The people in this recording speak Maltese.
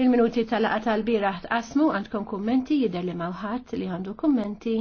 Il-minuti tal laqgħa tal-biraħ tqasmu għandkom kummenti jidher li mawħat li għandu kummenti.